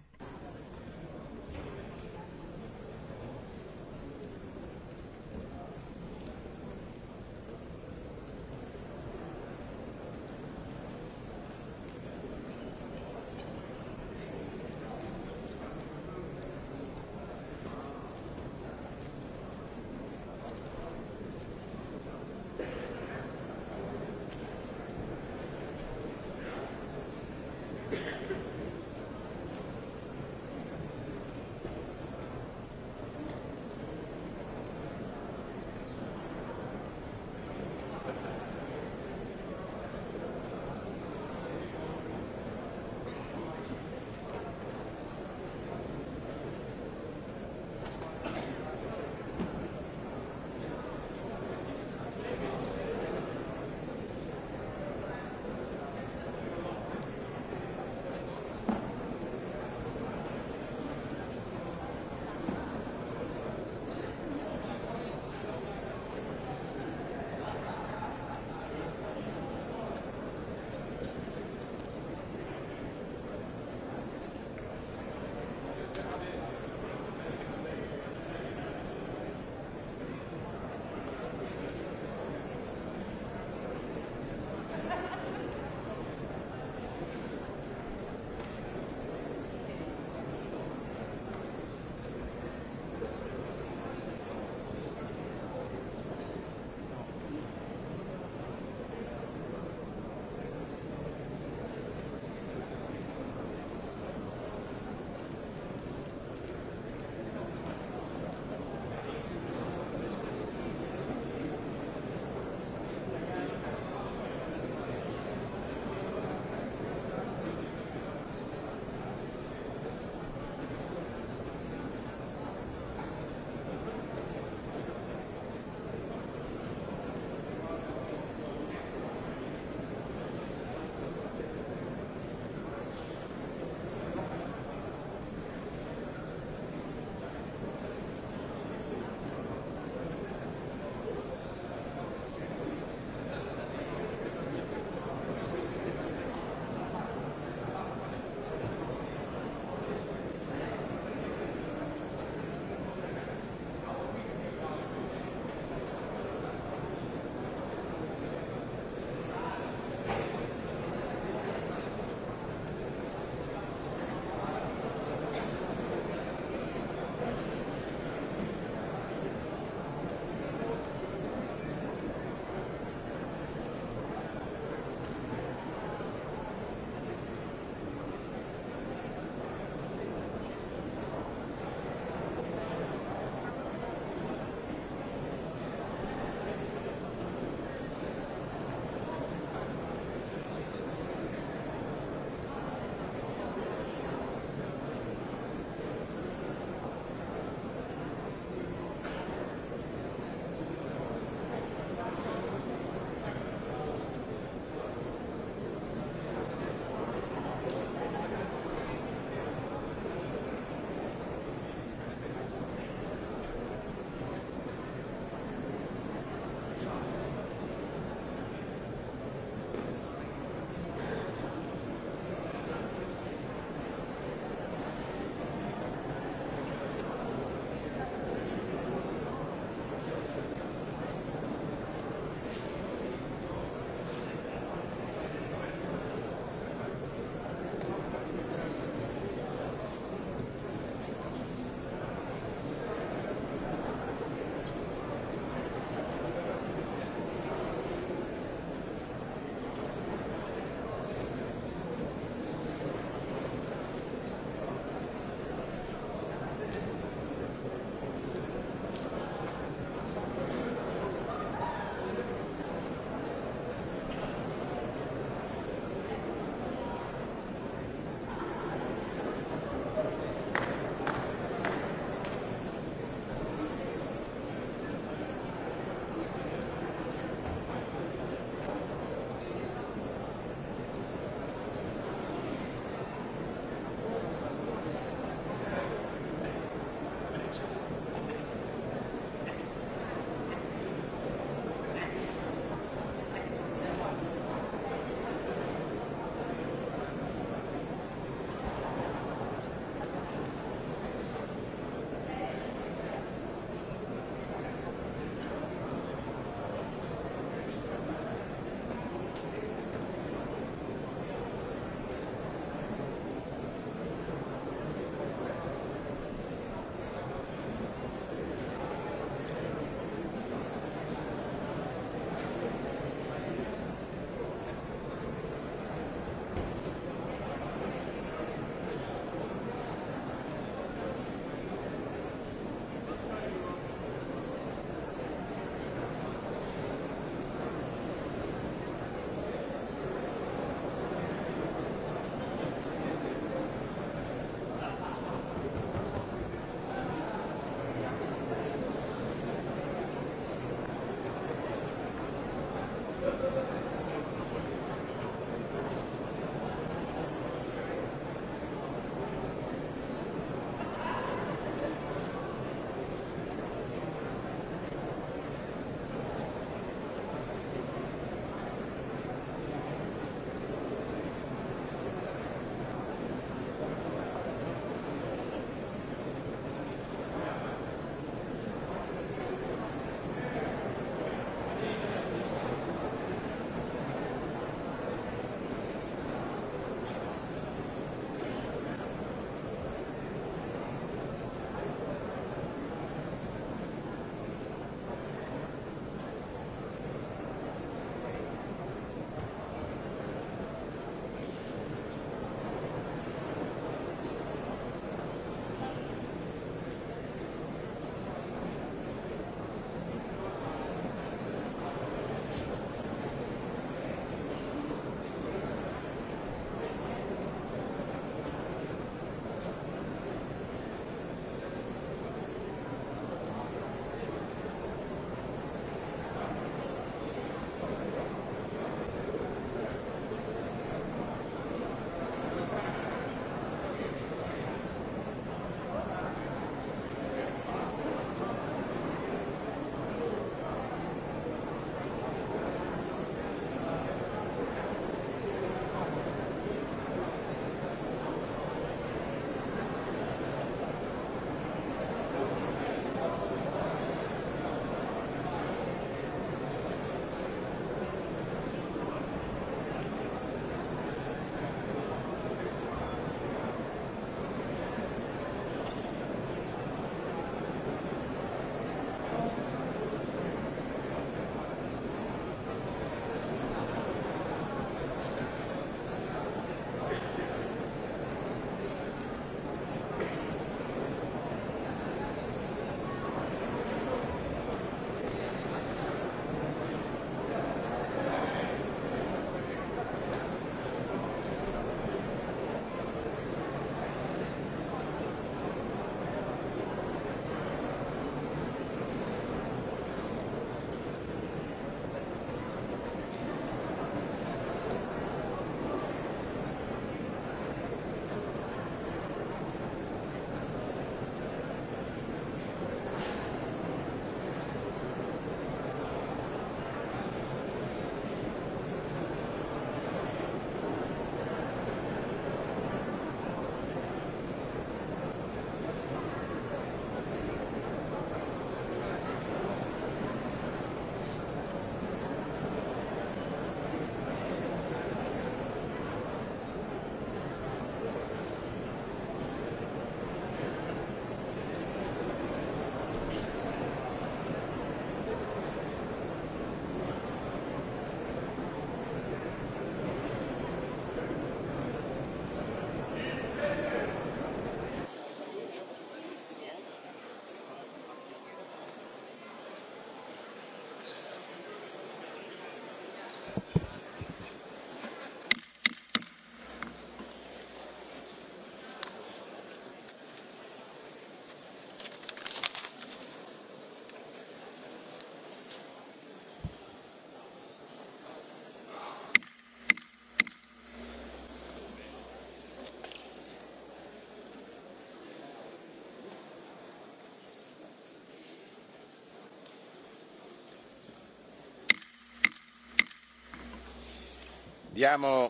diamo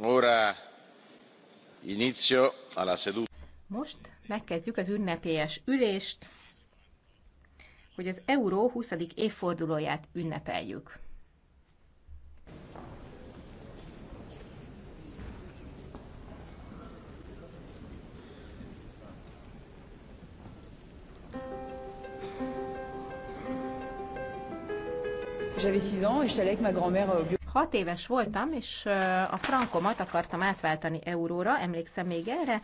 ora inizio alla seduta. Most megkezdjük az ünnepélyes ülést, hogy az euró 20. évfordulóját ünnepeljük. J'avais 6 ans et j'étais allée avec ma grand-mère au hat éves voltam, és a frankomat akartam átváltani euróra, emlékszem még erre,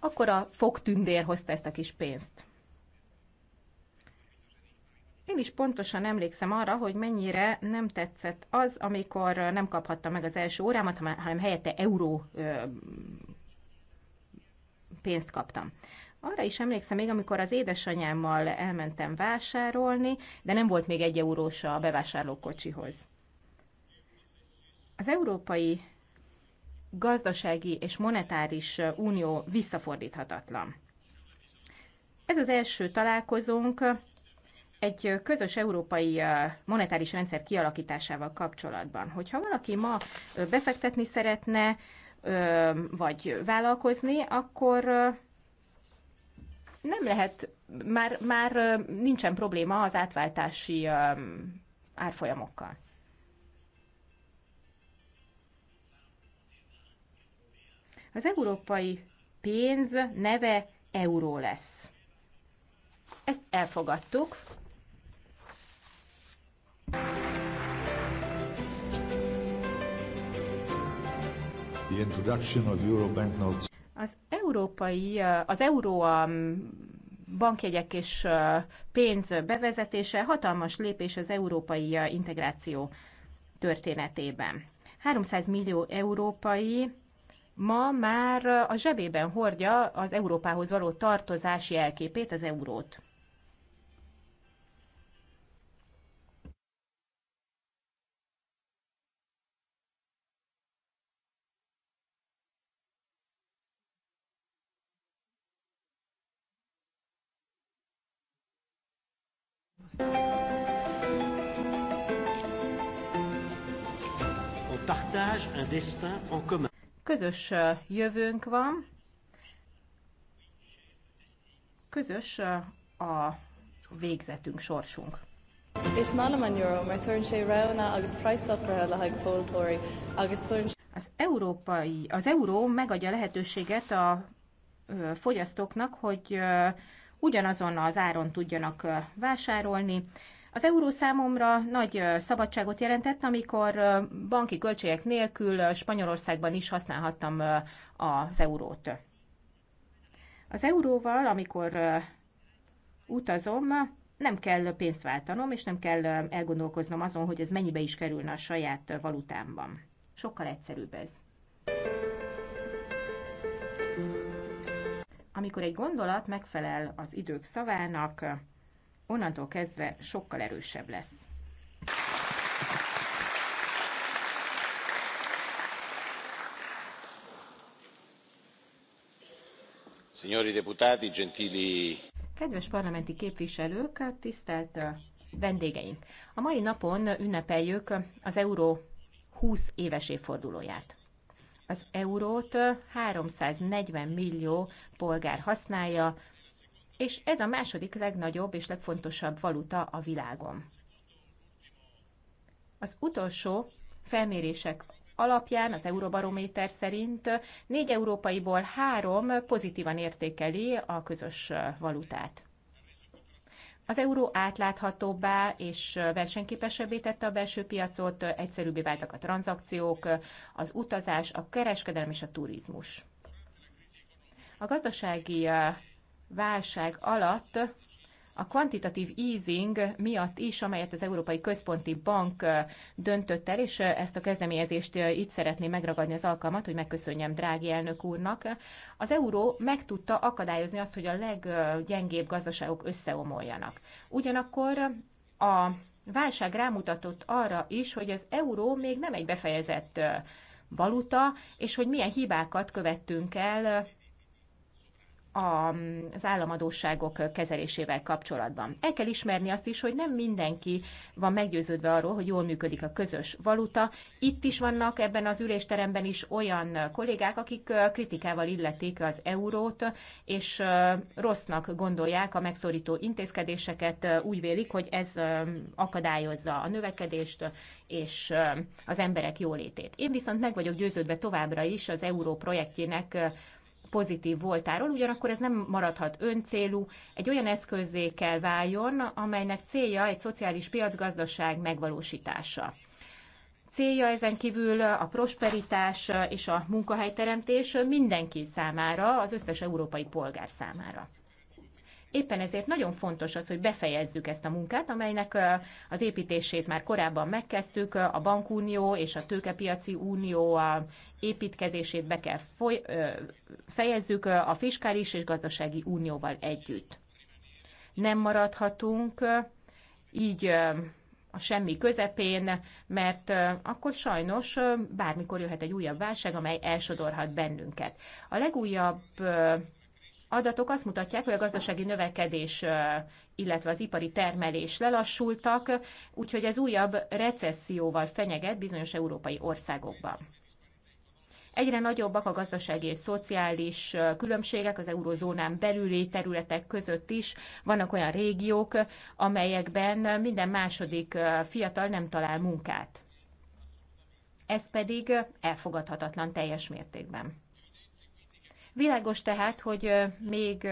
akkor a fogtündér hozta ezt a kis pénzt. Én is pontosan emlékszem arra, hogy mennyire nem tetszett az, amikor nem kaphattam meg az első órámat, hanem helyette euró pénzt kaptam. Arra is emlékszem még, amikor az édesanyámmal elmentem vásárolni, de nem volt még egy eurós a bevásárlókocsihoz. Az európai gazdasági és monetáris unió visszafordíthatatlan. Ez az első találkozónk egy közös európai monetáris rendszer kialakításával kapcsolatban. Hogyha valaki ma befektetni szeretne, vagy vállalkozni, akkor nem lehet, már, már nincsen probléma az átváltási árfolyamokkal. Az európai pénz neve euró lesz. Ezt elfogadtuk. The introduction of euro banknotes. Az európai, az euró a bankjegyek és pénz bevezetése hatalmas lépés az európai integráció történetében. 300 millió európai ma már a zsebében hordja az Európához való tartozási elképét, az eurót. On partage un destin en commun. Közös jövőnk van, közös a végzetünk, sorsunk. az európai, az euró megadja lehetőséget a fogyasztóknak, hogy ugyanazon az áron tudjanak vásárolni, az euró számomra nagy szabadságot jelentett, amikor banki költségek nélkül Spanyolországban is használhattam az eurót. Az euróval, amikor utazom, nem kell pénzt váltanom, és nem kell elgondolkoznom azon, hogy ez mennyibe is kerülne a saját valutámban. Sokkal egyszerűbb ez. Amikor egy gondolat megfelel az idők szavának, onnantól kezdve sokkal erősebb lesz. Signori deputati, gentili... Kedves parlamenti képviselők, tisztelt vendégeink! A mai napon ünnepeljük az euró 20 éves évfordulóját. Az eurót 340 millió polgár használja, és ez a második legnagyobb és legfontosabb valuta a világon. Az utolsó felmérések alapján, az Euróbarométer szerint négy európaiból három pozitívan értékeli a közös valutát. Az euró átláthatóbbá és versenyképesebbé tette a belső piacot, egyszerűbbé váltak a tranzakciók, az utazás, a kereskedelem és a turizmus. A gazdasági válság alatt a kvantitatív easing miatt is, amelyet az Európai Központi Bank döntött el, és ezt a kezdeményezést itt szeretném megragadni az alkalmat, hogy megköszönjem drági elnök úrnak. Az euró meg tudta akadályozni azt, hogy a leggyengébb gazdaságok összeomoljanak. Ugyanakkor a válság rámutatott arra is, hogy az euró még nem egy befejezett valuta, és hogy milyen hibákat követtünk el az államadóságok kezelésével kapcsolatban. El kell ismerni azt is, hogy nem mindenki van meggyőződve arról, hogy jól működik a közös valuta. Itt is vannak ebben az ülésteremben is olyan kollégák, akik kritikával illették az eurót, és rossznak gondolják a megszorító intézkedéseket, úgy vélik, hogy ez akadályozza a növekedést és az emberek jólétét. Én viszont meg vagyok győződve továbbra is az euró projektjének pozitív voltáról, ugyanakkor ez nem maradhat öncélú, egy olyan eszközé kell váljon, amelynek célja egy szociális piacgazdaság megvalósítása. Célja ezen kívül a prosperitás és a munkahelyteremtés mindenki számára, az összes európai polgár számára. Éppen ezért nagyon fontos az, hogy befejezzük ezt a munkát, amelynek az építését már korábban megkezdtük, a bankunió és a tőkepiaci unió építkezését be kell foly, fejezzük a fiskális és gazdasági unióval együtt. Nem maradhatunk így a semmi közepén, mert akkor sajnos bármikor jöhet egy újabb válság, amely elsodorhat bennünket. A legújabb adatok azt mutatják, hogy a gazdasági növekedés, illetve az ipari termelés lelassultak, úgyhogy ez újabb recesszióval fenyeget bizonyos európai országokban. Egyre nagyobbak a gazdasági és szociális különbségek az eurozónán belüli területek között is. Vannak olyan régiók, amelyekben minden második fiatal nem talál munkát. Ez pedig elfogadhatatlan teljes mértékben. Világos tehát, hogy még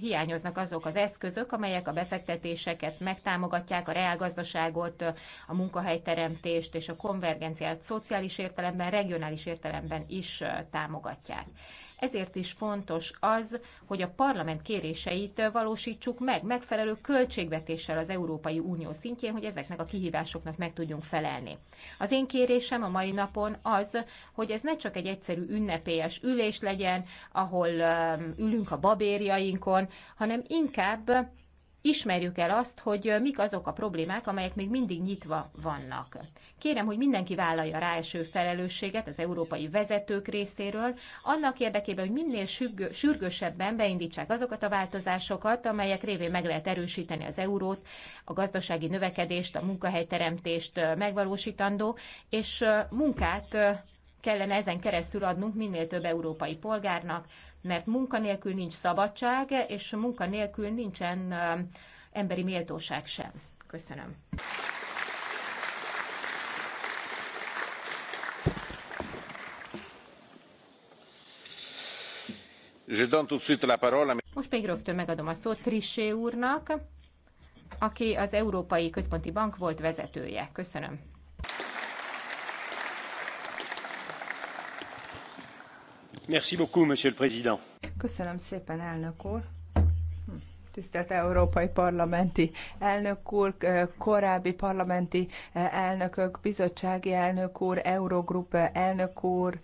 hiányoznak azok az eszközök, amelyek a befektetéseket megtámogatják, a reálgazdaságot, a munkahelyteremtést és a konvergenciát szociális értelemben, regionális értelemben is támogatják. Ezért is fontos az, hogy a parlament kéréseit valósítsuk meg, megfelelő költségvetéssel az Európai Unió szintjén, hogy ezeknek a kihívásoknak meg tudjunk felelni. Az én kérésem a mai napon az, hogy ez ne csak egy egyszerű ünnepélyes ülés legyen, ahol um, ülünk a babérjainkon, hanem inkább ismerjük el azt, hogy mik azok a problémák, amelyek még mindig nyitva vannak. Kérem, hogy mindenki vállalja rá első felelősséget az európai vezetők részéről, annak érdekében, hogy minél sürgősebben beindítsák azokat a változásokat, amelyek révén meg lehet erősíteni az eurót, a gazdasági növekedést, a munkahelyteremtést megvalósítandó, és munkát kellene ezen keresztül adnunk minél több európai polgárnak, mert munkanélkül nincs szabadság, és munkanélkül nincsen emberi méltóság sem. Köszönöm. Most pedig rögtön megadom a szót Trissé úrnak, aki az Európai Központi Bank volt vezetője. Köszönöm. Köszönöm szépen, elnök úr. Hm, tisztelt Európai Parlamenti Elnök úr, korábbi parlamenti elnökök, bizottsági elnök úr, Eurogrup elnök úr,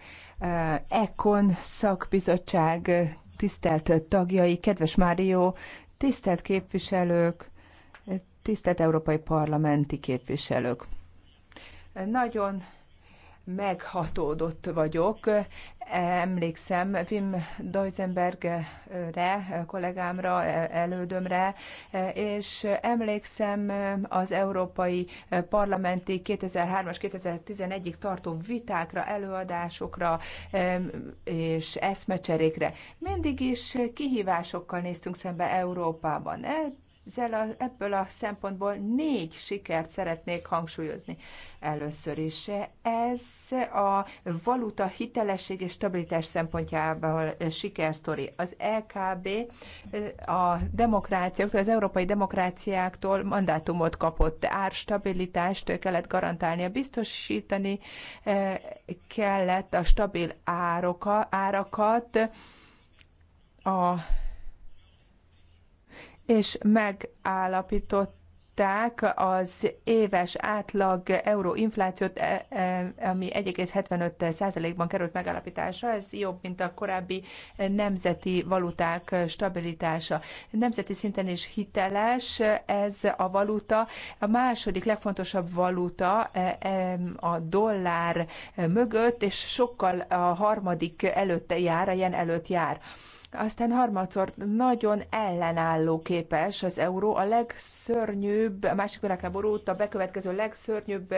Ekon szakbizottság tisztelt tagjai, kedves mário tisztelt képviselők, tisztelt Európai Parlamenti képviselők. Nagyon meghatódott vagyok. Emlékszem Wim Deusenbergre, kollégámra, elődömre, és emlékszem az Európai Parlamenti 2003-as 2011-ig tartó vitákra, előadásokra és eszmecserékre. Mindig is kihívásokkal néztünk szembe Európában ebből a szempontból négy sikert szeretnék hangsúlyozni. Először is ez a valuta hitelesség és stabilitás szempontjából sikersztori. Az LKB e a demokráciáktól, az európai demokráciáktól mandátumot kapott, árstabilitást kellett garantálnia, biztosítani kellett a stabil árokat, árakat, a és megállapították az éves átlag euróinflációt, e, e, ami 1,75%-ban került megállapításra. Ez jobb, mint a korábbi nemzeti valuták stabilitása. Nemzeti szinten is hiteles ez a valuta. A második legfontosabb valuta e, a dollár mögött, és sokkal a harmadik előtte jár, a jen előtt jár. Aztán harmadszor nagyon ellenálló képes az euró, a legszörnyűbb, a másik világháború óta bekövetkező legszörnyűbb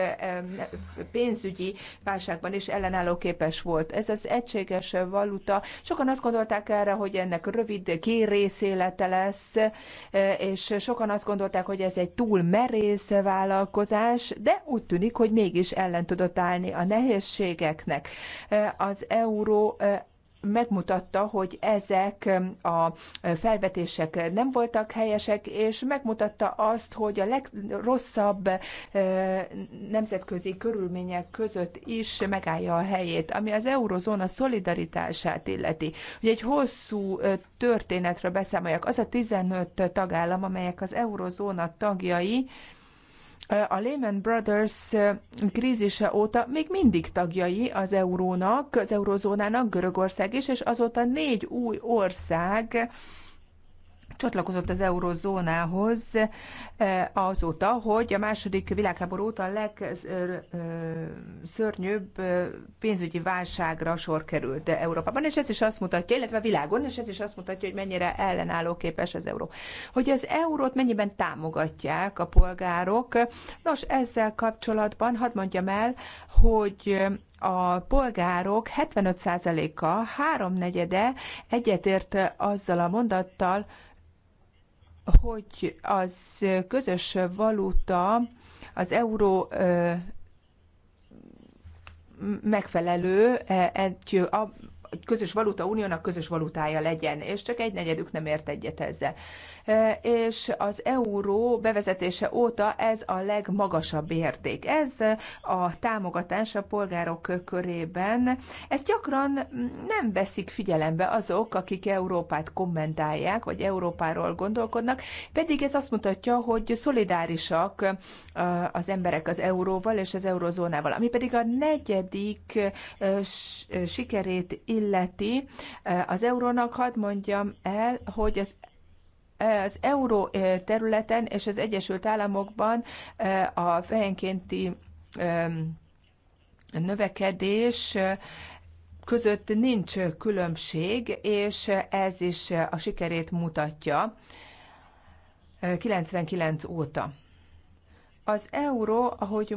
pénzügyi válságban is ellenálló képes volt. Ez az egységes valuta, sokan azt gondolták erre, hogy ennek rövid kérészélete lesz, e, és sokan azt gondolták, hogy ez egy túl merész vállalkozás, de úgy tűnik, hogy mégis ellen tudott állni a nehézségeknek. E, az euró e, megmutatta, hogy ezek a felvetések nem voltak helyesek, és megmutatta azt, hogy a legrosszabb eh, nemzetközi körülmények között is megállja a helyét, ami az eurozóna szolidaritását illeti. Ugye egy hosszú eh, történetről beszámoljak, az a 15 tagállam, amelyek az eurozóna tagjai, a Lehman Brothers krízise óta még mindig tagjai az eurónak, az eurozónának Görögország is, és azóta négy új ország csatlakozott az eurozónához eh, azóta, hogy a második világháború óta a legszörnyűbb eh, pénzügyi válságra sor került Európában, és ez is azt mutatja, illetve a világon, és ez is azt mutatja, hogy mennyire ellenálló képes az euró. Hogy az eurót mennyiben támogatják a polgárok. Nos, ezzel kapcsolatban hadd mondjam el, hogy a polgárok 75%-a, háromnegyede egyetért azzal a mondattal, hogy az közös valuta, az euró megfelelő e, egy, a, egy közös valuta uniónak közös valutája legyen, és csak egy negyedük nem ért egyet ezzel és az euró bevezetése óta ez a legmagasabb érték. Ez a támogatás a polgárok körében. Ezt gyakran nem veszik figyelembe azok, akik Európát kommentálják, vagy Európáról gondolkodnak, pedig ez azt mutatja, hogy szolidárisak az emberek az euróval és az eurozónával. Ami pedig a negyedik sikerét illeti az eurónak, hadd mondjam el, hogy az az euró eh, területen és az Egyesült Államokban eh, a fejenkénti növekedés eh, között nincs különbség, és ez is a sikerét mutatja 99 óta. Az euró, ahogy